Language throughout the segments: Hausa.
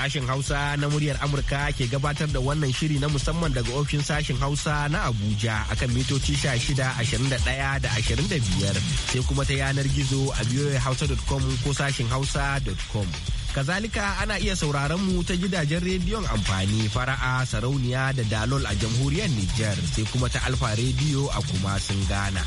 Sashen Hausa na muryar Amurka ke gabatar da wannan shiri na musamman daga ofishin sashen Hausa na Abuja akan mitoci 16, ashirin da da ashirin biyar sai kuma ta yanar gizo a hausa.com ko sashen hausa.com. Kazalika ana iya sauraron mu ta gidajen rediyon amfani fara'a sarauniya da dalol a jamhuriyar Nijar sai kuma ta alfa rediyo a kuma Ghana.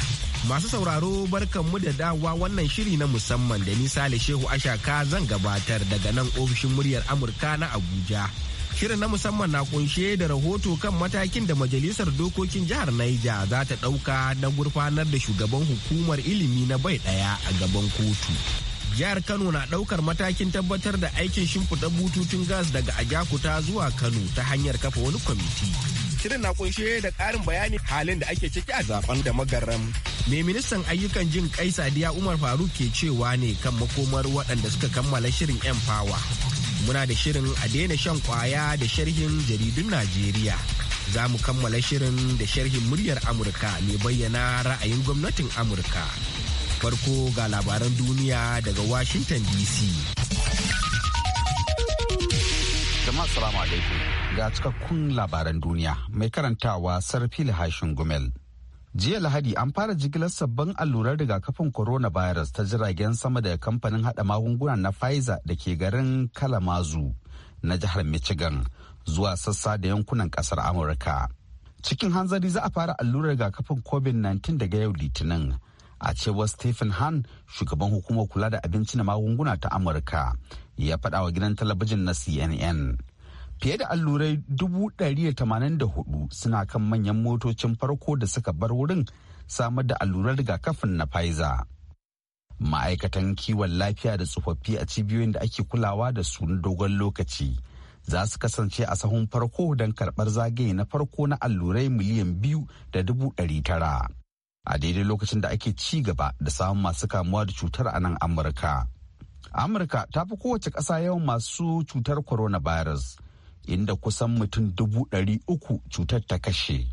Masu sauraro barkanmu da dawa wannan shiri na musamman da ni Sale Shehu Ashaka zan gabatar daga nan ofishin muryar Amurka na Abuja. Shirin na musamman na kunshe da rahoto kan matakin da Majalisar Dokokin Jihar Naija za ta ɗauka na gurfanar da shugaban hukumar ilimi na bai ɗaya a gaban kotu. Jihar Kano na ɗaukar matakin tabbatar da aikin shimfiɗa bututun gas daga Ajakuta zuwa Kano ta hanyar kafa wani kwamiti. Shirin na kunshe da karin bayani halin da ake ciki a zaben da magaram. Me ministan ayyukan jin kai Sadiya Umar Faruk ke cewa ne kan makomar waɗanda suka kammala shirin 'yan fawa. Muna da shirin a daina shan kwaya da sharhin jaridun Najeriya. Za mu kammala shirin da sharhin muryar Amurka mai bayyana ra'ayin gwamnatin Amurka. Farko ga labaran duniya daga Washington DC. Jama'a salamu alaikum. ga cikakkun labaran duniya mai karantawa sarfil hashin gumel jiya lahadi an fara jigilar sabbin allurar rigakafin coronavirus ta jiragen sama da kamfanin hada magunguna na pfizer da ke garin kalamazu na jihar michigan zuwa sassa da yankunan kasar amurka cikin hanzari za a fara allurar rigakafin covid-19 daga yau litinin a cewar stephen han shugaban hukumar kula da abinci na magunguna ta amurka ya faɗa wa gidan talabijin na cnn fiye da allurai 184 suna kan manyan motocin farko da suka bar wurin samar da allurar rigakafin na Pfizer. Ma'aikatan kiwon lafiya da tsofaffi a cibiyoyin da ake kulawa da su na dogon lokaci za su kasance a sahun farko don karɓar zagaye na farko na allurai miliyan biyu da dubu ɗari tara. A daidai lokacin da ake ci gaba da samun masu kamuwa da cutar a nan Amurka. Amurka ta fi kowace ƙasa yawan masu cutar coronavirus inda kusan mutum dubu ɗari uku cutar ta kashe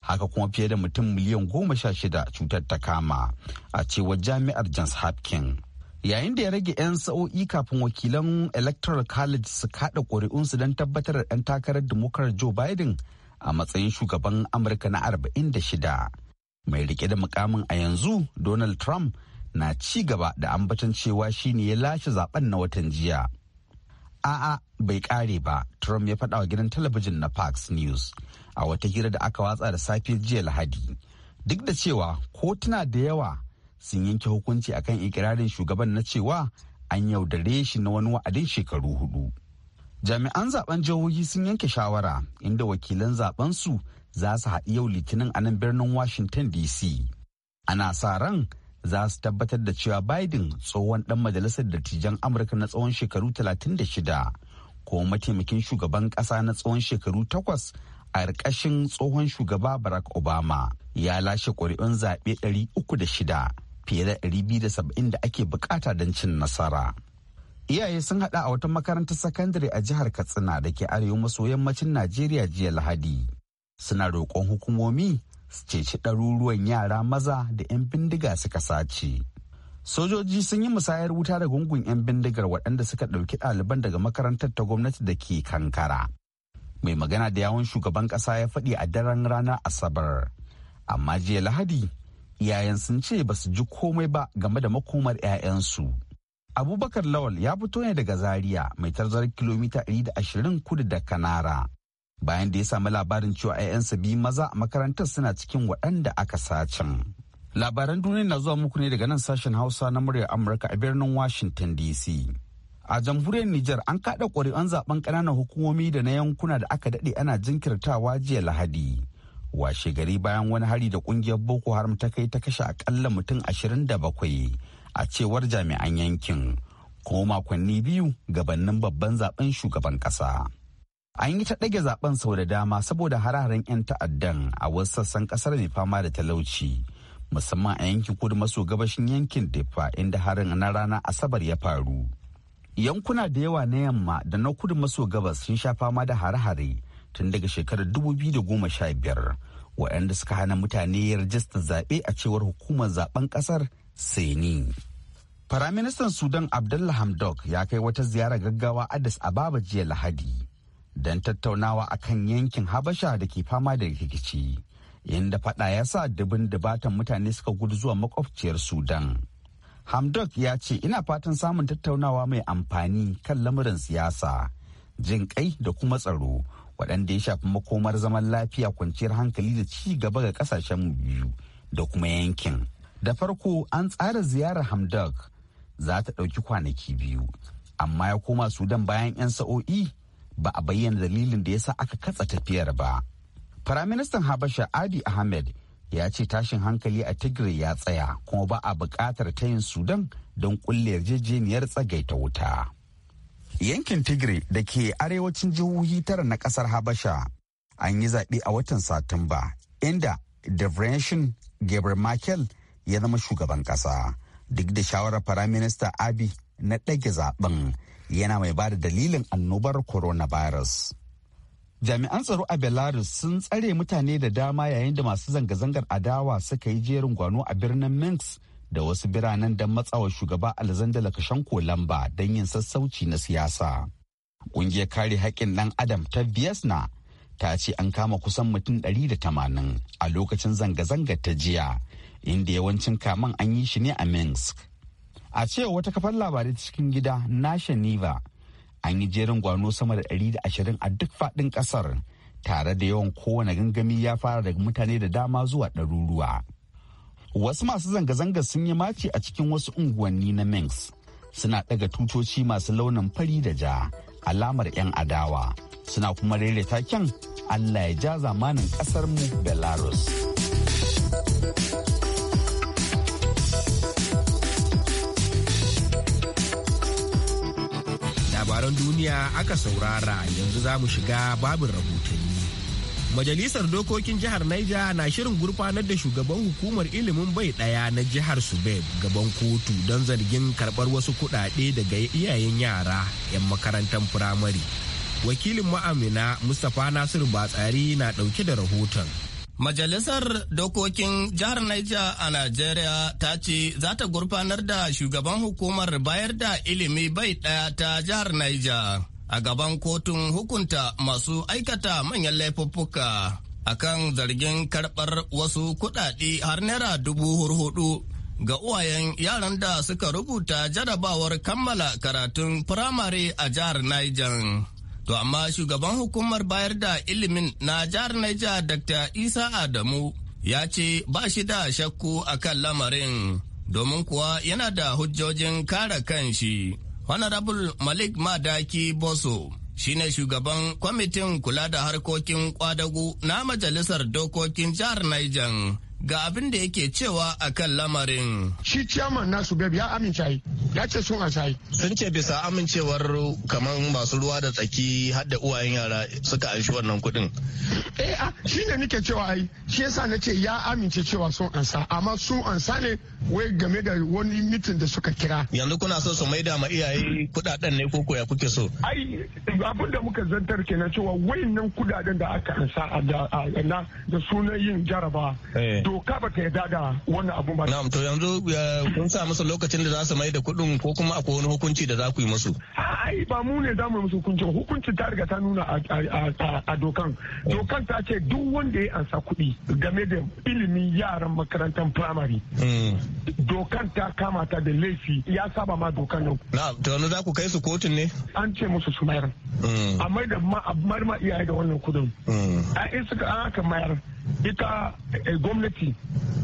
haka kuma fiye da mutum miliyan goma sha shida cutar ta kama a cewar jami'ar johns hopkins yayin da ya rage 'yan sa'o'i kafin wakilan electoral college su kada ƙuri'unsu don tabbatar da ɗan takarar democrat joe biden a matsayin shugaban amurka na arba'in da shida. mai rike da mukamin a yanzu donald trump na ci gaba da ambaton cewa shine ya lashe zaben na watan jiya a'a bai kare ba trump ya faɗa wa gidan talabijin na fox news a wata hira da aka watsa da safe jiya lahadi duk da cewa kotuna da yawa sun yanke hukunci akan ikirarin shugaban na cewa an yaudare shi na wani wa'adin shekaru hudu jami'an zaben jihohi sun yanke shawara inda wakilan zaben su za su haɗi yau litinin a nan birnin washington dc ana sa ran za su tabbatar da cewa biden tsohon dan majalisar dattijan amurka na tsawon shekaru 36 ko mataimakin shugaban ƙasa na tsawon shekaru 8 a ƙarƙashin tsohon shugaba barack obama ya lashe ƙuri'un zaɓe 306 fiye da 270 da ake bukata don cin nasara. Iyaye sun haɗa a wata makarantar sakandare a jihar Katsina da ke arewa maso yammacin Najeriya jiya Lahadi. Suna roƙon hukumomi su ceci ɗaruruwan yara maza da 'yan bindiga suka sace. Sojoji sun yi musayar wuta da gungun 'yan bindigar waɗanda suka ɗauki ɗaliban daga makarantar ta gwamnati da ke kankara. Mai magana da yawon shugaban ƙasa ya faɗi a daren ranar Asabar. Amma jiya Lahadi, iyayen sun ce ba su ji komai ba game da makomar 'ya'yansu. Abubakar Lawal ya fito ne daga Zaria mai tarzar kilomita 120 kudu da Kanara. bayan da ya sami labarin cewa 'ya'yansa biyu maza a makarantar suna cikin waɗanda aka sacin. Labaran duniya na zuwa muku ne daga nan sashen Hausa na muryar Amurka a birnin Washington DC. A jamhuriyar Nijar an kaɗa ƙuri'un zaben ƙananan hukumomi da na yankuna da aka daɗe ana jinkirtawa jiya Lahadi. Washe gari bayan wani hari da ƙungiyar Boko Haram ta kai ta kashe aƙalla mutum ashirin da bakwai a cewar jami'an yankin. Kuma makonni biyu gabanin babban zaben shugaban ƙasa. An yi ta ɗage zaben sau da dama saboda hararen 'yan ta'addan a wasu sassan ƙasar mai fama da talauci. musamman a yankin kudu maso gabashin yankin Defa inda harin na rana Asabar ya faru. Yankuna da yawa na yamma da na kudu maso gabas sun sha fama da hare-hare tun daga shekarar dubu biyu da goma sha biyar waɗanda suka hana mutane ya rajista zaɓe a cewar hukumar zaben ƙasar Seni. Firaministan Sudan Abdullah Hamdok ya kai wata ziyara gaggawa Addis Ababa jiya Lahadi. don tattaunawa a kan yankin habasha da ke fama da rikici inda fada ya sa dubin dubatan mutane suka gudu zuwa makwabciyar sudan hamdok ya ce ina fatan samun tattaunawa mai amfani kan lamarin siyasa jin kai da kuma tsaro waɗanda ya shafi makomar zaman lafiya kwanciyar hankali da ci gaba ga kasashen biyu da kuma yankin da farko an tsara ziyarar hamdok za ta ɗauki kwanaki biyu amma ya koma sudan bayan 'yan sa'o'i ba a bayyana dalilin da yasa aka katsa tafiyar ba firaministan habasha adi ahmed ya ce tashin hankali a tigray ya tsaya kuma ba a buƙatar yin sudan don kulle yarjejeniyar tsagaita wuta yankin tigray da ke arewacin jihohi tara na ƙasar habasha an yi zaɓe a watan satumba inda devrenshin gabriel ya zama shugaban ƙasa duk da shawarar firaminista abi na ɗage zaɓen yana mai ba da dalilin annobar coronavirus. Jami'an tsaro a Belarus sun tsare mutane da dama yayin da masu zanga-zangar adawa suka yi jerin gwano a birnin Minsk da wasu biranen don matsawar shugaba Alexander Lukashenko lamba don yin sassauci na siyasa. Ƙungiyar kare haƙƙin ɗan Adam ta Viesna ta ce an kama kusan mutum ɗari da tamanin a lokacin zanga-zangar ta jiya, inda yawancin kaman an yi shi ne a Minsk. a cewa wata kafar labarai ta cikin gida na shaniva an yi jerin gwano sama da 120 a duk faɗin ƙasar tare da yawan kowane gangami ya fara daga mutane da dama zuwa ɗaruruwa. Wasu masu zanga-zanga sun yi maci a cikin wasu unguwanni na Minsk suna ɗaga tutoci masu launin fari da ja alamar 'yan adawa suna kuma rere taken Allah ya ja zamanin ƙasarmu Belarus. labaran duniya aka saurara yanzu za mu shiga babin rahotanni. Majalisar dokokin jihar Naija na shirin gurfanar da shugaban hukumar ilimin bai ɗaya na jihar Subeb gaban kotu don zargin karɓar wasu kuɗaɗe daga iyayen yara 'yan makarantar firamare. Wakilin ma'amina Mustapha Nasiru Batsari na ɗauke da rahoton. Majalisar Dokokin Jihar Niger a Najeriya ta ce za ta gurfanar da shugaban hukumar bayar da ilimi bai ɗaya ta Jihar Niger a gaban kotun hukunta masu aikata manyan laifuffuka kan zargin karɓar wasu kuɗaɗe har naira dubu hurhudu ga uwayen yaran da suka rubuta jarabawar kammala karatun firamare a jihar Niger. To amma shugaban hukumar bayar da ilimin na jihar Naija Dr. Isa Adamu ya ce ba shi da shakku a kan lamarin domin kuwa yana da hujjojin kare kanshi. Honorable Malik Madaki Boso ne shugaban kwamitin kula da harkokin kwadagu na Majalisar Dokokin Jihar Niger. ga abin da yake cewa a kan lamarin. Shi ciyaman nasu bebe ya amince ya ce sun asayi. Sun ce bisa amincewar kamar masu ruwa da tsaki hadda uwayen yara suka anshi wannan kuɗin. Eh a ah, shi ne nake cewa ai shi yasa na ce ya amince cewa sun ansa amma sun ansa ne wai game da wani mitin da suka kira. Yanzu kuna so su maida ma iyaye kudaden ne ko ya kuke so. Ai abin da muka zantar kenan cewa wayannan kudaden da aka ansa a da sunan yin jaraba. Eh. doka ba ta yarda da wannan abu ba. Na'am to yanzu kun sa musu lokacin da za su mai da kuɗin ko kuma akwai wani hukunci da za ku yi musu. Ai ba mu ne za mu yi musu hukunci hukuncin ta riga ta nuna a dokan. Dokan ta ce duk wanda ya ansa kuɗi game da ilimin yaran makarantar firamare. Hmm. Dokan ta kamata da laifi ya saba ma dokan nan. Na'am to yanzu za ku kai su kotun ne? An ce musu su mayar. Hmm. A mai da ma iyaye da wannan kuɗin. Hmm. A in suka an aka mayar ita eh, gwamnati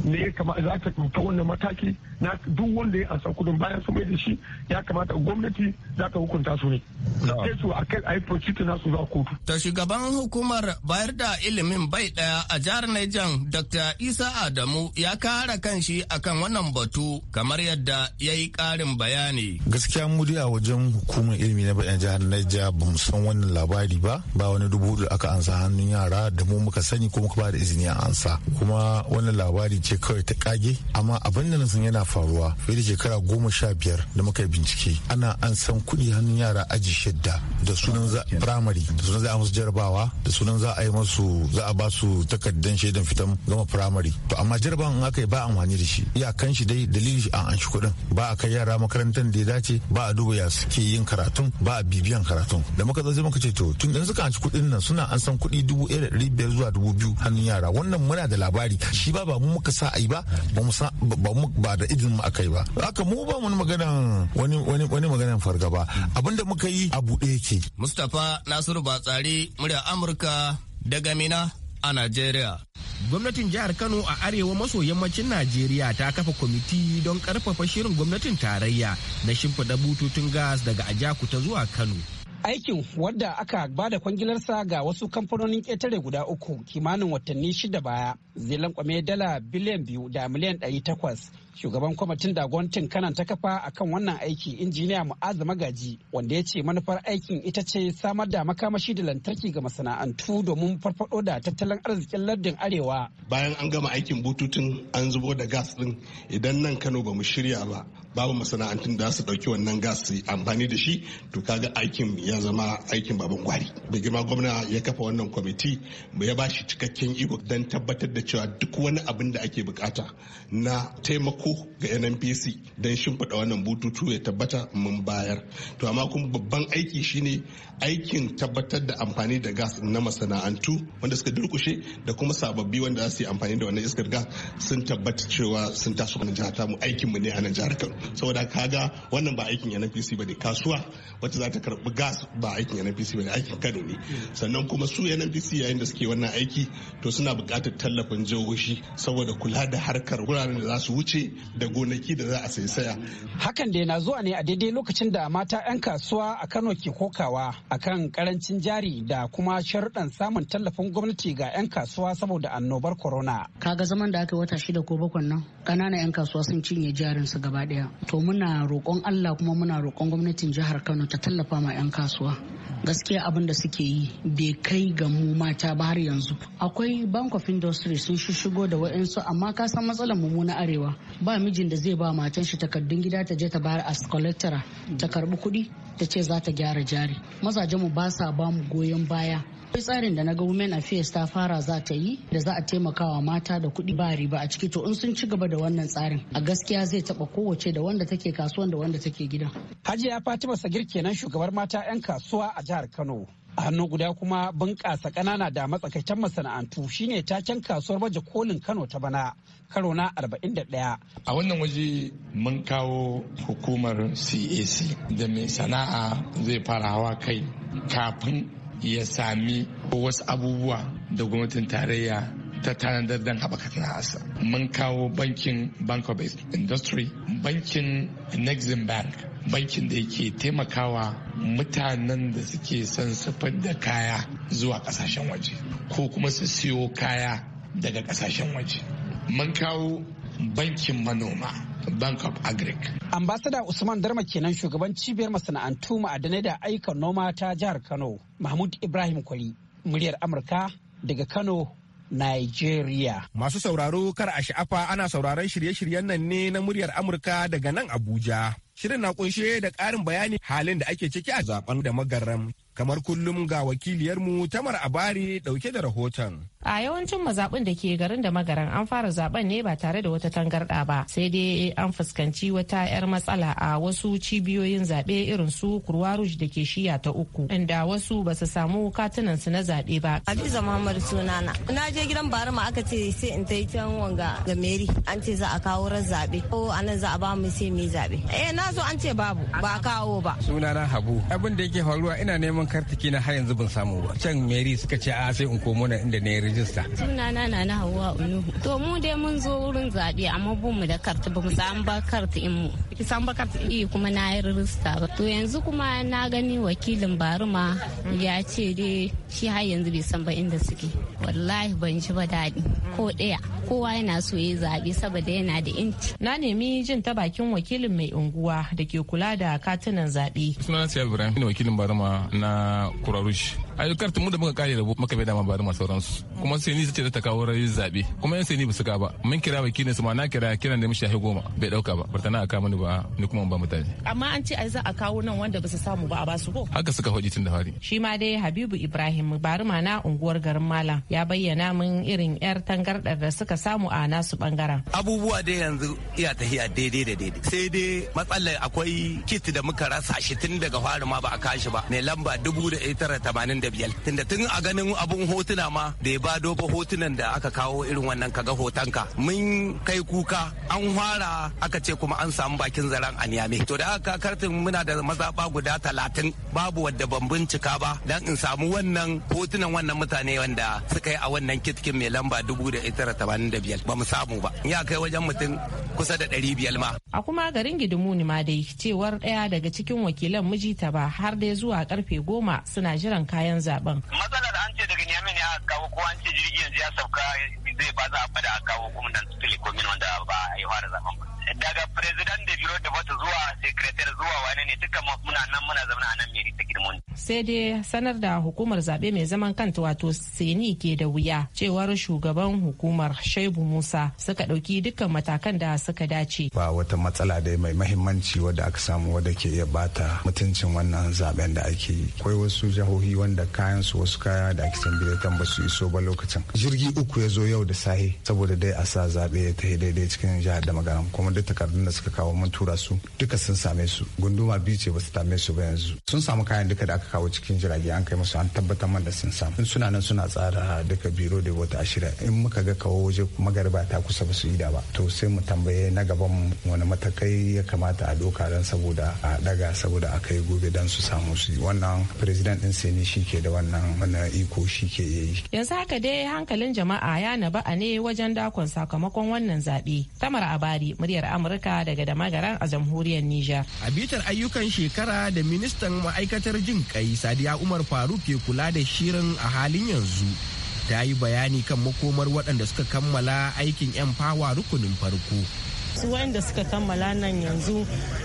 ne kama za ta ɗauka wannan mataki na duk wanda ya ansa kudin bayan su mai da shi ya kamata gwamnati za ta hukunta su ne sai su a kai a yi procuta na su za kotu. ta shugaban hukumar bayar da ilimin bai daya a jihar Niger dr isa adamu ya kara kanshi akan wannan batu kamar yadda ya yi ƙarin bayani. gaskiya mu dai a wajen hukumar ilimi na bayan jihar Niger ba mu san wannan labari ba ba wani dubu da aka ansa hannun yara da mu muka sani ko muka ba da izini ya ansa kuma wannan labari ce kawai ta kage amma abin da san yana faruwa fiye da shekara goma sha biyar da muka yi bincike ana an san kuɗi hannun yara aji shidda da sunan za da sunan za a musu jarabawa da sunan za a yi masu za a ba su takardan shaidan fitan gama firamare to amma jarabawan in aka yi ba amfani da shi iyakan shi dai dalili shi an anshi kuɗin ba a kai yara makarantar da ya dace ba a duba ya suke yin karatun ba a bibiyan karatun da muka zo muka ce to tun da suka anshi kuɗin nan suna an san kuɗi dubu ɗaya da ɗari biyar zuwa dubu biyu hannun yara wannan muna da labari shi ba ba mu muka sa ai ba ba mu ba da izinin mu akai ba haka mu ba mu magana wani wani wani maganan fargaba abinda muka yi a buɗe yake Mustapha Nasiru Batsari murya Amurka daga Mina a Najeriya Gwamnatin jihar Kano a arewa maso yammacin Najeriya ta kafa kwamiti don karfafa shirin gwamnatin tarayya na shimfiɗa bututun gas daga Ajakuta zuwa Kano. Aikin wadda aka ba da kwangilarsa ga wasu kamfanonin ƙetare guda uku kimanin watanni shida baya zai lankwame dala biliyan biyu da miliyan ɗari takwas shugaban kwamitin da gwamnatin kanan ta kafa a kan wannan aiki injiniya mu'azu magaji wanda ya ce manufar aikin ita ce samar da makamashi da lantarki ga masana'antu domin farfado da tattalin arzikin lardin arewa bayan an gama aikin bututun an zubo da gas din idan nan kano ba mu shirya ba babu masana'antun da su dauki wannan gas su amfani da shi to kaga aikin ya zama aikin baban gwari bigima gwamna ya kafa wannan kwamiti ya ba shi cikakken iko don tabbatar da cewa duk wani abin da ake bukata na taimako taimako ga nnpc don shimfiɗa wannan bututu ya tabbata mun bayar to amma kuma babban aiki shine aikin tabbatar da amfani da gas na masana'antu wanda suka durkushe da kuma sababbi wanda za su yi amfani da wannan iskar gas sun tabbata cewa sun taso wannan jihar tamu aikin mu ne a nan jihar Kano saboda kaga wannan ba aikin NNPC bane kasuwa wacce za ta karbi gas ba aikin NNPC bane aikin Kano ne sannan kuma su NNPC yayin da suke wannan aiki to suna buƙatar tallafin jihohi saboda kula da harkar wuraren da za su wuce da gonaki da za a sai saya. Hakan dai na zuwa ne a daidai lokacin da mata 'yan kasuwa a Kano ke kokawa akan karancin jari da kuma sharuɗan samun tallafin gwamnati ga 'yan kasuwa saboda annobar corona. Kaga zaman da aka yi wata shida ko bakwai nan ƙananan 'yan kasuwa sun cinye jarinsu gaba ɗaya. To muna roƙon Allah kuma muna roƙon gwamnatin jihar Kano ta tallafa ma 'yan kasuwa. Gaskiya abin da suke yi bai kai ga mu mata ba har yanzu. Akwai Bank of Industry sun shishigo da wa'insu amma ka san matsalar mu na arewa. ba mijin da zai ba matan shi takardun gida ta je ta bayar as collector ta karbi kuɗi ta ce za ta gyara jari mazajen mu ba sa ba mu goyon baya akwai tsarin da na ga women affairs ta fara za ta yi da za a taimakawa mata da kuɗi ba riba a ciki to in sun ci gaba da wannan tsarin a gaskiya zai taɓa kowace da wanda take kasuwan da wanda take gida hajiya fatima sagir kenan shugabar mata 'yan kasuwa a jihar kano a hannu guda kuma bunƙasa ƙanana da matsakaicen masana'antu shine taken kasuwar baje kolin kano ta bana karo na 41 a wannan waje mun kawo hukumar cac da mai sana'a zai fara hawa kai kafin ya sami wasu abubuwa da gwamnatin tarayya ta tanadar don haɓaka hasa mun kawo bankin bank of industry bankin nexim bank bankin da yake taimakawa mutanen da suke son sufar da kaya zuwa kasashen waje ko kuma su siyo kaya daga kasashen waje mun kawo bankin manoma Bank of Agric. Ambasada Usman Darma kenan shugaban cibiyar masana'antu ma'adanai da ayyukan noma ta jihar Kano, Mahmud Ibrahim Kwari, muryar Amurka daga Kano, Nigeria. Masu sauraro kar a sha'afa ana sauraron shirye-shiryen nan ne na muryar Amurka daga nan Abuja. Shirin na kunshe da ƙarin bayani halin da ake ciki a zaben da magaram. kamar kullum ga wakiliyarmu tamar abari dauke da rahoton a yawancin mazaɓin da ke garin da magaran an fara zaben ne ba tare da wata tangarɗa ba sai dai an fuskanci wata 'yar matsala a wasu cibiyoyin zaɓe irin su kurwaruj da ke shiya ta uku inda wasu ba su samu katunan su na zaɓe ba hadiza muhammad sunana na je gidan ma aka ce sai in tai can wanga ga meri an ce za a kawo ran zaɓe ko anan za a ba mu sai mu zaɓe eh na zo an ce babu ba kawo ba sunana habu abin da yake faruwa ina neman karta kina har yanzu ban samu ba can mary suka ce a sai in komo na inda na yi rijista sunana na na hawa unu to mu dai mun zo wurin zaɓe amma bu mu da karta ba mu samu ba karta in mu ki samu ba karta eh kuma na yi rijista ba to yanzu kuma na gani wakilin baruma ya ce dai shi har yanzu bai san ba inda suke wallahi ban ji ba daɗi ko ɗaya kowa yana so ya zaɓe saboda yana da inci na nemi jin ta bakin wakilin mai unguwa da ke kula da katunan zaɓe sunana sai ibrahim wakilin baruma na kurarush kurarush ayyukar mu da muka kare da muka bai dama ba da sauransu kuma sai ni ce da ta kawo rayu zabe kuma yan sai ni basu ka ba mun kira wakilin su ma na kira kiran da mu shahi goma bai dauka ba bartana aka mani ba ni kuma ba mutane amma an ce ai za a kawo nan wanda basu samu ba a ba su ko haka suka hodi tun da fari shi ma dai Habibu Ibrahim Baruma na unguwar garin mala ya bayyana mun irin yar tangardar da suka samu a nasu bangaren abubuwa dai yanzu iya tafiya daidai da daidai sai dai matsalar akwai kit da muka rasa shi tun daga fari ba a kashi ba mai lamba 1985 tunda tun a ganin abun hotuna ma da ya ba hotunan da aka kawo irin wannan kaga hotonka mun kai kuka an fara aka ce kuma an samu bakin zaren anyame to da aka kartin muna da mazaba guda talatin babu wadda ban bincika ba dan in samu wannan hotunan wannan mutane wanda suka yi a wannan kitkin mai lamba biyar ba mu samu ba ya kai wajen mutum kusa da ɗari biyar ma. a kuma garin ne ma dai cewar daya daga cikin wakilan miji ta ba har dai zuwa karfe goma suna jiran kayan zaben. Matsalar an ce daga Niamey ne aka kawo ko an ce jirgin yanzu ya sauka zai ba za a fada a kawo kuma nan wanda ba a yi fara zaben ba. daga president da biro da bata zuwa secretary zuwa wani ne duka muna nan muna zama a nan meri ta girmon. sai dai sanar da hukumar zabe mai zaman kanta wato seni ke da wuya cewar shugaban hukumar shaibu musa suka dauki dukkan matakan da suka dace. ba wata matsala dai mai mahimmanci wadda aka samu wadda ke iya bata mutuncin wannan zaben da ake yi akwai wasu jihohi wanda kayan su wasu kaya da ake san biletan ba su iso ba lokacin jirgi uku ya zo yau da sahi saboda dai a sa zaɓe ya tafi daidai cikin jihar da magana kuma da takardun da suka kawo mun tura su duka sun same su gunduma biyu ce ba su same su ba yanzu sun samu kayan duka da aka kawo cikin jirage an kai musu an tabbatar man da sun samu in suna nan suna tsara duka biro da wata ashirin in muka ga kawo waje magariba ta kusa ba su yi da ba to sai mu tambaye na gaban wani matakai ya kamata a doka don saboda a daga saboda a kai gobe don su samu su yi wannan president din sai ne shi ke da wannan wani iko shi ke yi yanzu haka dai hankalin jama'a ya naba a ne wajen dakon sakamakon wannan zaɓe tamar abari murya muryar Amurka daga da magaran a jamhuriyar Nijar. A bitar ayyukan shekara da ministan ma'aikatar jin kai Sadiya Umar Faruk ke kula da shirin a halin yanzu. Ta yi bayani kan makomar waɗanda suka kammala aikin 'yan fawa rukunin farko. su wa'anda suka kammala nan yanzu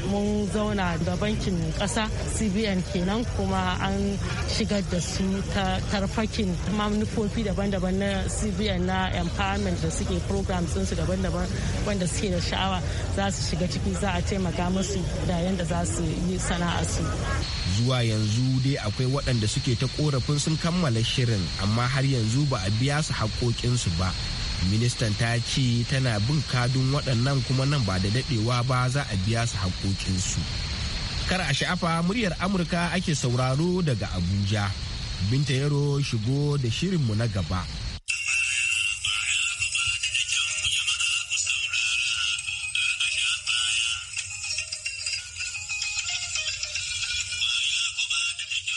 mun zauna da bankin ƙasa cbn kenan kuma an shigar da su ta tarfakin manufofi daban-daban na cbn na empowerment da suke program su daban-daban wanda suke da sha'awa za su shiga ciki za a taimaka musu da yadda za su yi sana'a su zuwa yanzu dai akwai waɗanda suke ta korafin sun kammala shirin amma har yanzu ba a biya su haƙoƙinsu ba ministan ta ce tana bin kadun waɗannan kuma nan ba da daɗewa ba za a biya su haƙoƙinsu kar a sha'afa muryar amurka ake sauraro daga abuja binta yaro shigo da shirinmu na gaba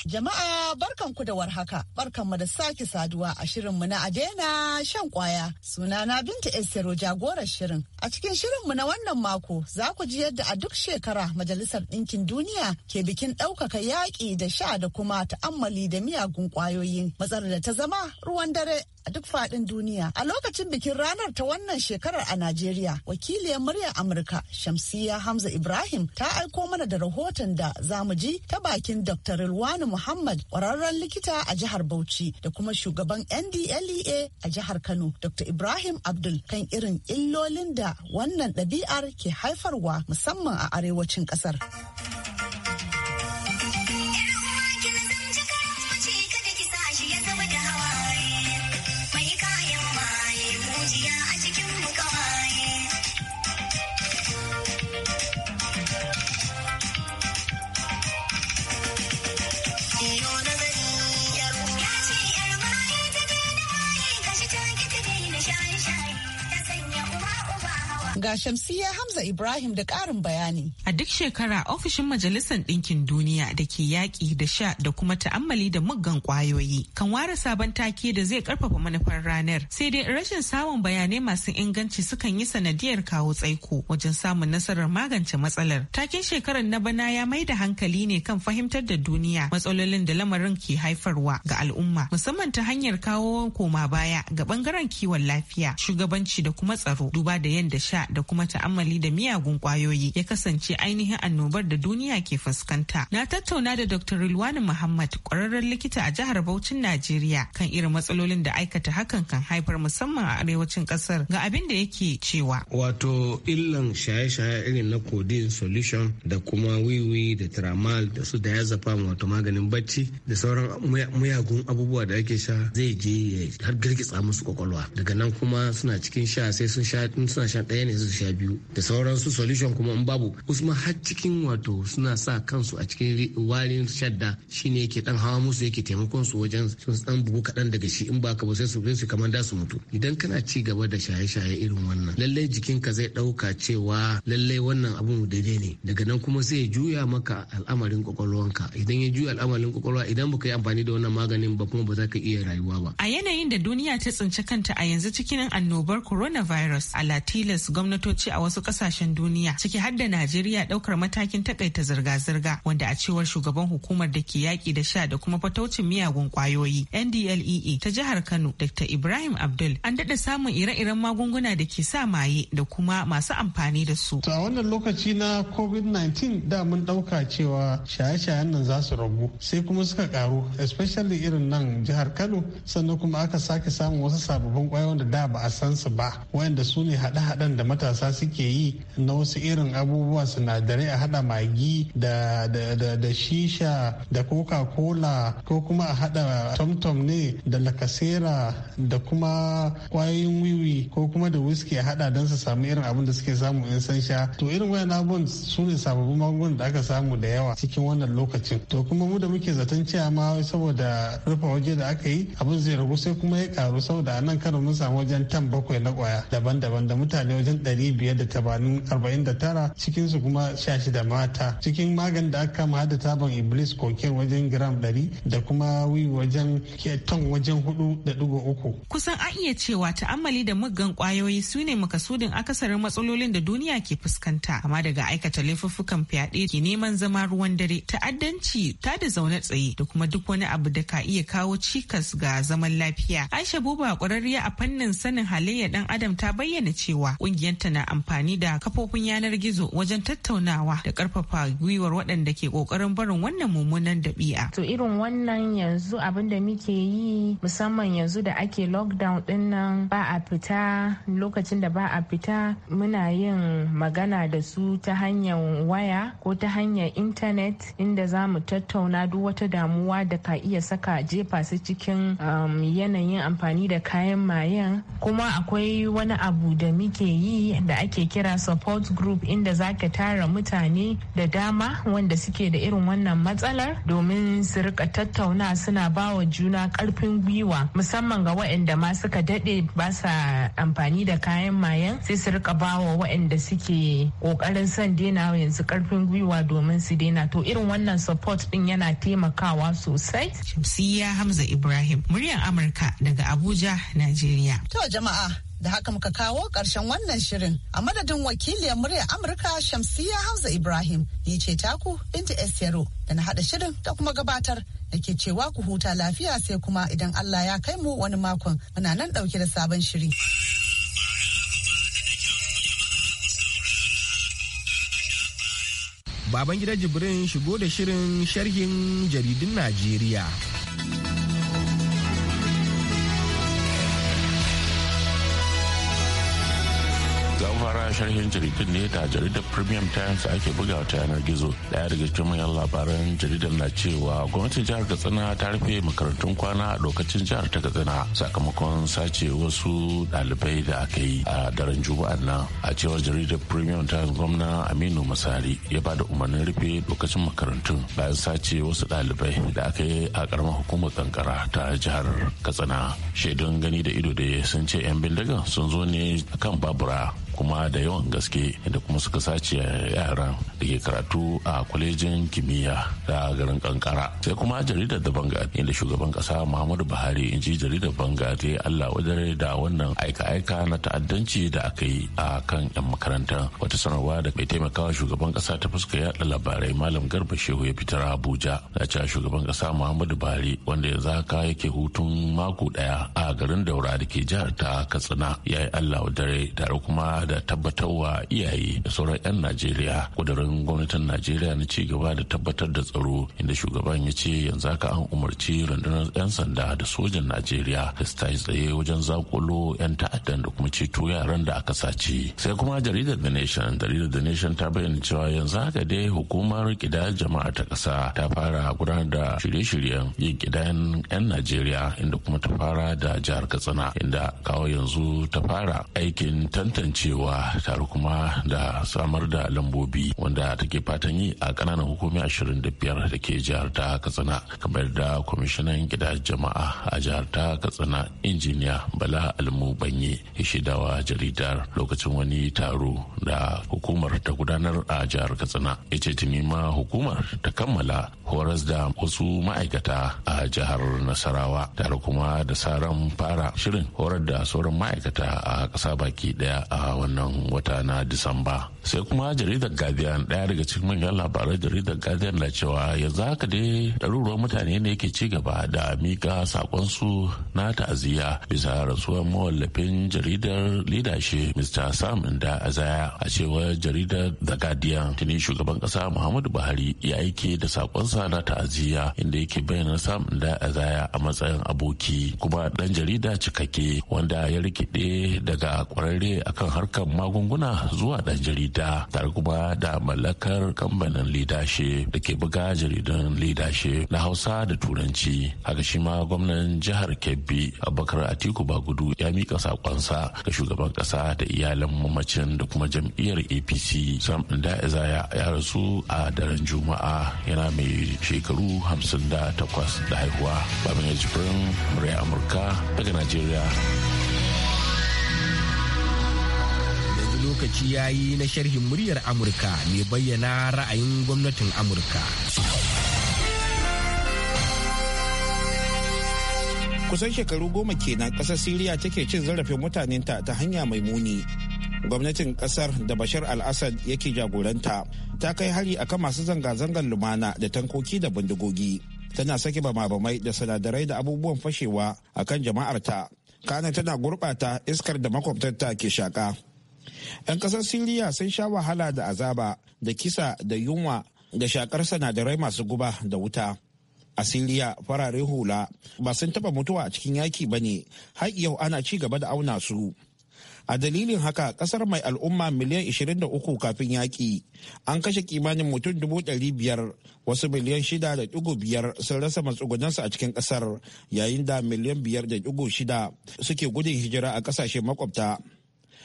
Jama'a barkan ku da warhaka, barkan mu da sake saduwa a shirinmu na Adena shan kwaya. Sunana Binta Estero jagorar shirin. A cikin shirinmu na wannan mako za ku ji yadda a duk shekara Majalisar Ɗinkin Duniya ke bikin ɗaukaka yaƙi da sha da kuma ta'ammali da miyagun ƙwayoyi matsalar da ta zama ruwan dare a duk faɗin duniya. A lokacin bikin ranar ta wannan shekarar a Najeriya, wakiliyar muryar Amurka Shamsiya Hamza Ibrahim ta aiko mana da rahoton da zamu ji ta bakin Dr. Rilwani Muhammad ƙwararren likita a jihar Bauchi da kuma shugaban NDLEA a jihar Kano Dr. Ibrahim Abdul kan irin illolin da wannan ɗabi'ar ke haifarwa musamman a arewacin ƙasar. Ga shamsiyya Hamza Ibrahim da ƙarin bayani. A duk shekara ofishin Majalisar Ɗinkin Duniya da ke yaƙi da sha da kuma ta'ammali da muggan ƙwayoyi kan ware sabon take da zai ƙarfafa manufar ranar. Sai dai rashin samun bayanai masu inganci sukan yi sanadiyar kawo tsaiko wajen samun nasarar magance matsalar. Takin shekarar na bana ya mai da hankali ne kan fahimtar da duniya matsalolin da lamarin ke haifarwa ga al'umma musamman ta hanyar kawo koma baya ga bangaren kiwon lafiya shugabanci da kuma tsaro duba da yadda sha da kuma ta'ammali da miyagun kwayoyi ya kasance ainihin annobar da duniya ke fuskanta. Na tattauna da Dr. Rilwani Muhammad kwararren likita a jihar Bauchin Najeriya kan irin matsalolin da aikata hakan kan haifar musamman a arewacin kasar ga abin da yake cewa. Wato illan shaye-shaye irin na codeine solution da kuma wiwi da tramal da su diazepam wato maganin bacci da sauran miyagun abubuwa da ake sha zai je har girgitsa musu kwakwalwa daga nan kuma suna cikin sha sai sun sha in ɗaya ne su sha biyu da sauransu solution kuma in babu wasu ma har cikin wato suna sa kansu a cikin warin shadda shine yake dan hawa musu yake taimakon su wajen sun dan bugu kaɗan daga shi in baka ba sai su su kamar da su mutu idan kana ci gaba da shaye-shaye irin wannan lallai jikinka zai dauka cewa lallai wannan abun daidai ne daga nan kuma sai ya juya maka al'amarin kwakwalwanka idan ya juya al'amarin kwakwalwa idan baka yi amfani da wannan maganin ba kuma ba za ka iya rayuwa ba a yanayin da duniya ta tsinci kanta a yanzu cikin annobar coronavirus a latilas gwamnati gwamnatoci a wasu kasashen duniya ciki har da Najeriya daukar matakin takaita zirga-zirga wanda a cewar shugaban hukumar da ke yaƙi da sha da kuma fataucin miyagun kwayoyi NDLEA e, ta jihar Kano Dr. Ibrahim Abdul an dada samun ire-iren magunguna da ke sa maye da kuma masu amfani da su. a wannan lokaci na COVID-19 da mun ɗauka cewa shaye-shayen nan za su ragu sai kuma suka karu especially irin nan jihar Kano sannan kuma aka sake samun wasu sababbin kwayoyin da da ba a san su ba wayanda su ne haɗe hadan da matasa suke yi na wasu irin abubuwa sinadarai a hada magi da, shisha da coca-cola ko kuma a hada tomtom ne da lakasera da kuma kwayoyin wiwi ko kuma da whisky a hada don su samu irin abin da suke samu in san sha to irin wayan abun su ne sababbin magungunan da aka samu da yawa cikin wannan lokacin to kuma mu da muke zaton cewa ma saboda rufe waje da aka yi abin zai ragu sai kuma ya karu saboda a nan karo mun samu wajen tan bakwai na kwaya daban-daban da mutane wajen 549 cikinsu kuma 16 mata cikin magan da aka kama hada taban iblis koken wajen gram 100 da kuma wi wajen ton wajen 4.3 kusan an iya cewa ta'ammali da muggan kwayoyi su ne makasudin akasarin matsalolin da duniya ke fuskanta amma daga aikata laifuffukan fyaɗe ke neman zama ruwan dare ta'addanci ta da zaune tsaye da kuma duk wani abu da ka iya kawo cikas ga zaman lafiya aisha buba kwararriya a fannin sanin halayyar dan adam ta bayyana cewa kungiyar tana na amfani da kafofin yanar gizo wajen tattaunawa da karfafa gwiwar waɗanda ke ƙoƙarin barin wannan mummunan dabi'a. To irin wannan yanzu abin da muke yi musamman yanzu da ake lockdown din nan ba a fita lokacin da ba a fita muna yin magana da su ta hanyar waya ko ta hanyar intanet inda za mu tattauna duk wata damuwa da ka iya saka jefa su cikin um, yanayin amfani da kayan mayan kuma akwai wani abu da muke yi da ake kira support group inda zaka tara mutane da dama wanda suke da irin wannan matsalar domin su rika tattauna suna ba wa juna karfin gwiwa musamman ga waɗanda ma suka daɗe ba sa amfani da kayan mayan sai su rika bawa waɗanda suke ƙoƙarin son daina yanzu karfin gwiwa domin su daina to irin wannan support din yana taimakawa sosai. Shamsiyya Hamza Ibrahim muryar Amurka daga Abuja, Najeriya. To jama'a da haka muka kawo ƙarshen wannan shirin a madadin wakiliyar murya amurka shamsiyya hausa ibrahim ni ce taku inda esero da na haɗa shirin da kuma gabatar da ke cewa ku huta lafiya sai kuma idan allah ya kai mu wani makon muna nan ɗauke da sabon shiri. Baban gida Jibrin shigo da shirin sharhin jaridun Najeriya. fara sharhin jaridun ne da jaridar Premium Times ake buga ta yanar gizo. Daya daga cikin manyan labaran jaridar na cewa gwamnatin jihar Katsina ta rufe makarantun kwana a lokacin jihar ta Katsina sakamakon sace wasu ɗalibai da aka yi a daren Juma'an nan. A cewar jaridar Premium Times gwamna Aminu Masari ya ba da umarnin rufe lokacin makarantun bayan sace wasu ɗalibai da aka yi a karamar hukumar kankara ta jihar Katsina. Shaidun gani da ido da sun ce 'yan bindigan sun zo ne kan babura kuma da yawan gaske da kuma suka sace yaran da ke karatu a kwalejin kimiyya da garin kankara sai kuma jaridar da banga inda shugaban kasa muhammadu buhari in ji jaridar banga ta yi allah wadare da wannan aika-aika na ta'addanci da aka yi a kan 'yan makarantar wata sanarwa da mai taimakawa shugaban kasa ta fuska yada labarai malam garba shehu ya fitar abuja da cewa shugaban kasa muhammadu buhari wanda yanzu haka yake hutun mako daya a garin daura da ke jihar ta katsina ya yi allah wadare tare kuma da tabbatar wa iyaye da sauran 'yan najeriya kudurin gwamnatin najeriya na ci gaba da tabbatar da tsaro inda shugaban ya ce yanzu aka an umarci rundunar 'yan sanda da sojan najeriya da su tsaye wajen zakulo 'yan ta'addan da kuma ceto yaran da aka sace sai kuma jaridar the nation jaridar the nation ta bayyana cewa yanzu haka dai hukumar kidayar jama'a ta kasa, ta fara gudanar da shirye-shiryen yin kidayen 'yan najeriya inda kuma ta fara da jihar katsina inda kawo yanzu ta fara aikin tantance arewa tare kuma da samar da lambobi wanda take fatan yi a kananan hukumi 25 da ke jihar ta katsina kamar da kwamishinan gida jama'a a jihar ta katsina injiniya bala almu banye ya shaidawa jaridar lokacin wani taro da hukumar ta gudanar a jihar katsina ya ce ma hukumar ta kammala horas da wasu ma'aikata a jihar nasarawa tare kuma da saran fara shirin horar da sauran ma'aikata a ƙasa baki daya a wannan wata na disamba sai kuma jaridar guardian daya daga cikin manyan labaran jaridar guardian na cewa yanzu haka dai ɗaruruwan mutane ne ke ci gaba da mika sakonsu na ta'aziyya bisa rasuwar mawallafin jaridar lidashe mr sam inda azaya a cewar jaridar the guardian tuni shugaban kasa muhammadu buhari ya aike da sakonsa na ta'aziyya inda yake bayyana sam inda azaya a matsayin aboki kuma dan jarida cikakke wanda ya rikide daga kwararre akan harkar kan magunguna zuwa ɗan jarida tare kuma da mallakar kamfanin lidashe da ke buga jaridun lidashe na hausa da turanci haka shi ma gwamnan jihar kebbi abubakar atiku bagudu ya mika sakonsa ga shugaban kasa da iyalan mamacin da kuma jam'iyyar apc sam da'iza ya rasu a daren juma'a yana mai shekaru hamsin da haihuwa babin ya murya amurka daga najeriya lokaci ya yi na sharhin muryar Amurka mai bayyana ra'ayin gwamnatin Amurka. Kusan shekaru goma kenan ƙasar Siriya take cin zarafin mutanenta ta hanya mai muni. Gwamnatin ƙasar da Bashar al-Assad yake jagoranta ta kai hari akan masu zanga-zangar lumana da tankoki da bindigogi. Tana sake bama-bamai da sinadarai da abubuwan fashewa akan jama'arta. kana tana gurɓata iskar da makwabtarta ke shaƙa. 'Yan ƙasar Siriya sun sha wahala da azaba da kisa da yunwa da shakar sinadarai masu guba da wuta. A Siriya farare hula ba sun taba mutuwa a cikin yaki ba ne, har yau ana ci gaba da auna su. A dalilin haka ƙasar mai al'umma miliyan 23 kafin yaƙi an kashe kimanin mutum biyar. wasu miliyan 6.5 sun rasa matsugunansu a cikin ƙasar. yayin da miliyan 5.6 suke gudun hijira a ƙasashe makwabta.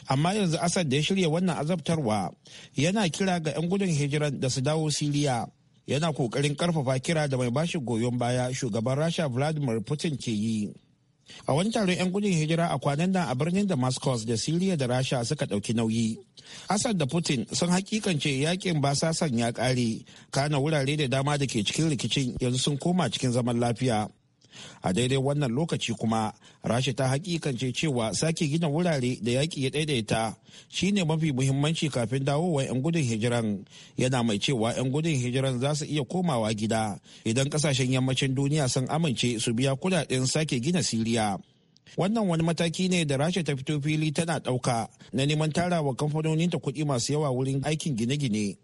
amma yanzu asad da ya shirya wannan azabtarwa yana kira ga 'yan gudun hijiran da su dawo siriya yana kokarin karfafa kira da mai bashi goyon baya shugaban rasha vladimir putin ke yi a wani taron 'yan gudun hijira a kwanan nan a birnin damascus da siriya da rasha suka ɗauki nauyi asad da putin sun hakikance yakin basasan ya ƙare kana wurare da dama da ke cikin rikicin yanzu sun koma cikin zaman lafiya a daidai wannan lokaci kuma rasha ta hakikance cewa sake gina wurare da yaƙi ya daidaita shine mafi muhimmanci kafin dawowa 'yan gudun hijiran yana mai cewa 'yan gudun hijiran za su iya komawa gida idan kasashen yammacin duniya sun amince su biya kudaden sake gina siriya wannan wani mataki ne da rasha ta fito fili tana ɗauka na neman tara wa kamfanoninta kuɗi masu yawa wurin aikin gine-gine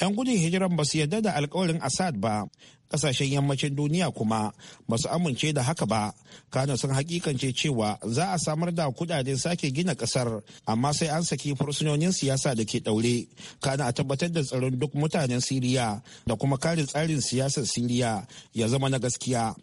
'Yan gudun hijiran ba su yarda da alkawarin Assad ba, kasashen yammacin duniya kuma ba su amince da haka ba, kana sun hakikance cewa za a samar da kudaden sake gina kasar amma sai an saki fursunonin siyasa da ke daure, kana a tabbatar da tsaron duk mutanen Siriya da kuma kare tsarin siyasar Siriya ya zama na gaskiya.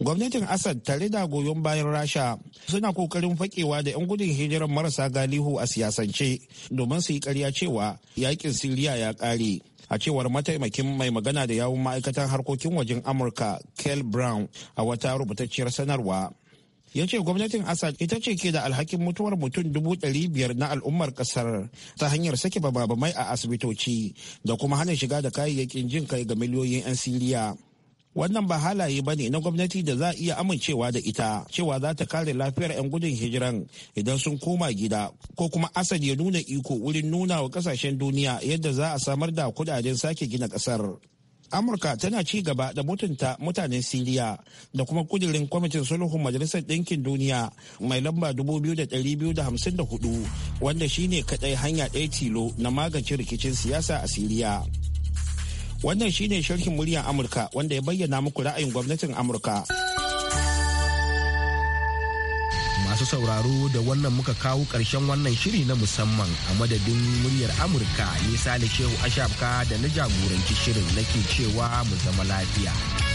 gwamnatin assad tare da goyon bayan rasha suna kokarin fakewa da 'yan gudun hijirar marasa galihu a siyasance domin su yi karya cewa yakin siriya ya kare a cewar mataimakin mai magana da yawun ma'aikatan harkokin wajen amurka kel brown a wata rubutacciyar sanarwa ya ce gwamnatin assad ita ce ke da alhakin mutuwar mutum dubu ɗari biyar na al'ummar ƙasar ta hanyar sake bababamai a asibitoci da kuma hana shiga da kayayyakin jin kai ga miliyoyin 'yan siriya wannan ba halaye ba ne na gwamnati da za a iya amincewa da ita cewa za ta kare lafiyar 'yan gudun hijiran idan sun koma gida ko kuma asad ya nuna iko wurin nuna wa kasashen duniya yadda za a samar da kudaden sake gina kasar amurka tana ci gaba da mutunta mutanen siriya da kuma kudirin kwamitin sulhun majalisar ɗinkin duniya mai lamba 2254 wanda shine kadai hanya ɗaya tilo na magance rikicin siyasa a siriya Wannan shine sharhin muryar Amurka wanda ya bayyana muku ra'ayin gwamnatin Amurka. Masu sauraro da wannan muka kawo ƙarshen wannan shiri na musamman a madadin muryar Amurka ne Sale Shehu Ashafka da na jagoranci shirin nake cewa mu zama lafiya.